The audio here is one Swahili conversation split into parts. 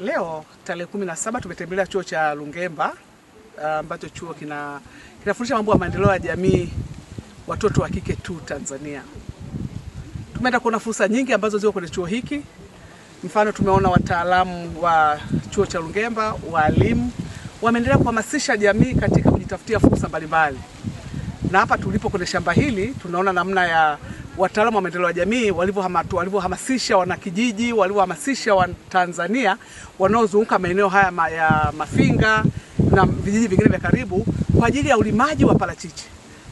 Leo tarehe kumi na saba tumetembelea chuo cha Lungemba ah, ambacho uh, chuo kina kinafundisha mambo ya maendeleo ya jamii watoto wa kike tu Tanzania. Tumeenda kuona fursa nyingi ambazo ziko kwenye chuo hiki. Mfano, tumeona wataalamu wa chuo cha Lungemba, waalimu wameendelea kuhamasisha jamii katika kujitafutia fursa mbalimbali na hapa tulipo kwenye shamba hili tunaona namna ya wataalamu wa maendeleo ya jamii walivyohamasisha wanakijiji, walivyohamasisha Watanzania wanaozunguka maeneo haya ma, ya Mafinga na vijiji vingine vya karibu kwa ajili ya ulimaji wa parachichi.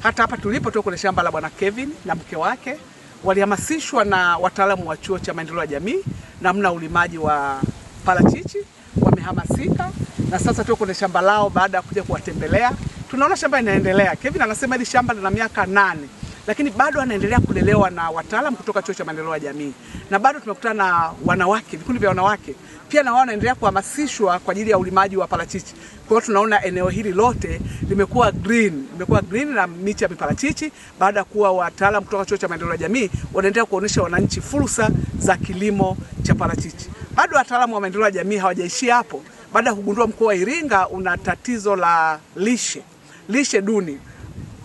Hata hapa tulipo tu kwenye shamba la Bwana Kevin na mke wake walihamasishwa na wataalamu wa chuo cha maendeleo ya jamii namna ulimaji wa parachichi, wamehamasika na sasa tuko kwenye shamba lao baada ya kuja kuwatembelea tunaona shamba inaendelea. Kevin anasema hili shamba lina miaka nane lakini bado anaendelea kulelewa na wataalamu kutoka chuo cha maendeleo ya jamii, na bado tumekutana na wanawake, vikundi vya wanawake pia na wao wanaendelea kuhamasishwa kwa ajili ya ulimaji wa parachichi. Kwa hiyo tunaona eneo hili lote limekuwa green, limekuwa green na miche ya miparachichi baada ya kuwa wataalamu kutoka chuo cha maendeleo ya jamii wanaendelea kuonesha wananchi fursa za kilimo cha parachichi. Bado wataalamu wa maendeleo ya jamii hawajaishia hapo, baada ya kugundua mkoa wa Iringa una tatizo la lishe lishe duni.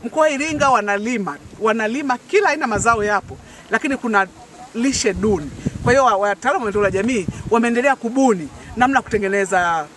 Mkoa Iringa wanalima, wanalima kila aina mazao yapo, lakini kuna lishe duni. Kwa hiyo wataalamu wa jamii wameendelea kubuni namna kutengeneza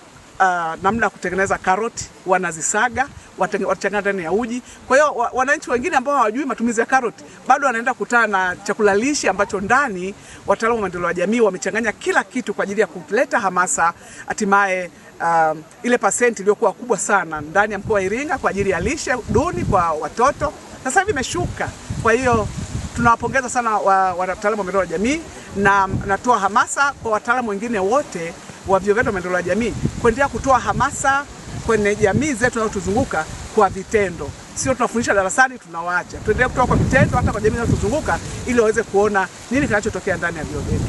uh, namna ya kutengeneza karoti, wanazisaga watachanganya ndani ya uji. Kwa hiyo wananchi wengine ambao hawajui matumizi ya karoti bado wanaenda kutana na chakula lishe ambacho ndani wataalamu wa maendeleo ya jamii wamechanganya kila kitu kwa ajili ya kuleta hamasa hatimaye Uh, ile pasenti iliyokuwa kubwa sana ndani ya mkoa wa Iringa kwa ajili ya lishe duni kwa watoto sasa hivi imeshuka. Kwa hiyo tunawapongeza sana wataalamu wa maendeleo ya jamii na natoa hamasa kwa wataalamu wengine wote wa vyuo vyetu maendeleo ya jamii kuendelea kutoa hamasa kwenye jamii zetu zinazotuzunguka kwa vitendo, sio tunafundisha darasani tunawaacha. Tuendelee kutoa kwa vitendo hata kwa jamii zinazotuzunguka ili waweze kuona nini kinachotokea ndani ya vyuo vyetu.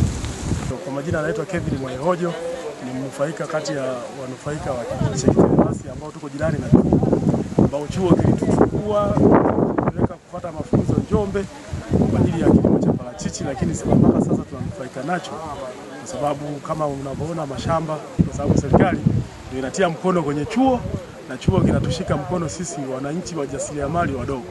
Kwa majina anaitwa Kevin Mwaihojo, ni mnufaika kati ya wanufaika wa kijiji cha Kiteruwasi ambao tuko jirani na chuo, ambao chuo kilituchukua kupeleka kupata mafunzo Njombe kwa ajili ya kilimo cha parachichi, lakini mpaka sasa tunanufaika nacho kwa sababu kama unavyoona mashamba, kwa sababu serikali ndio inatia mkono kwenye chuo na chuo kinatushika mkono sisi wananchi wajasiriamali wadogo.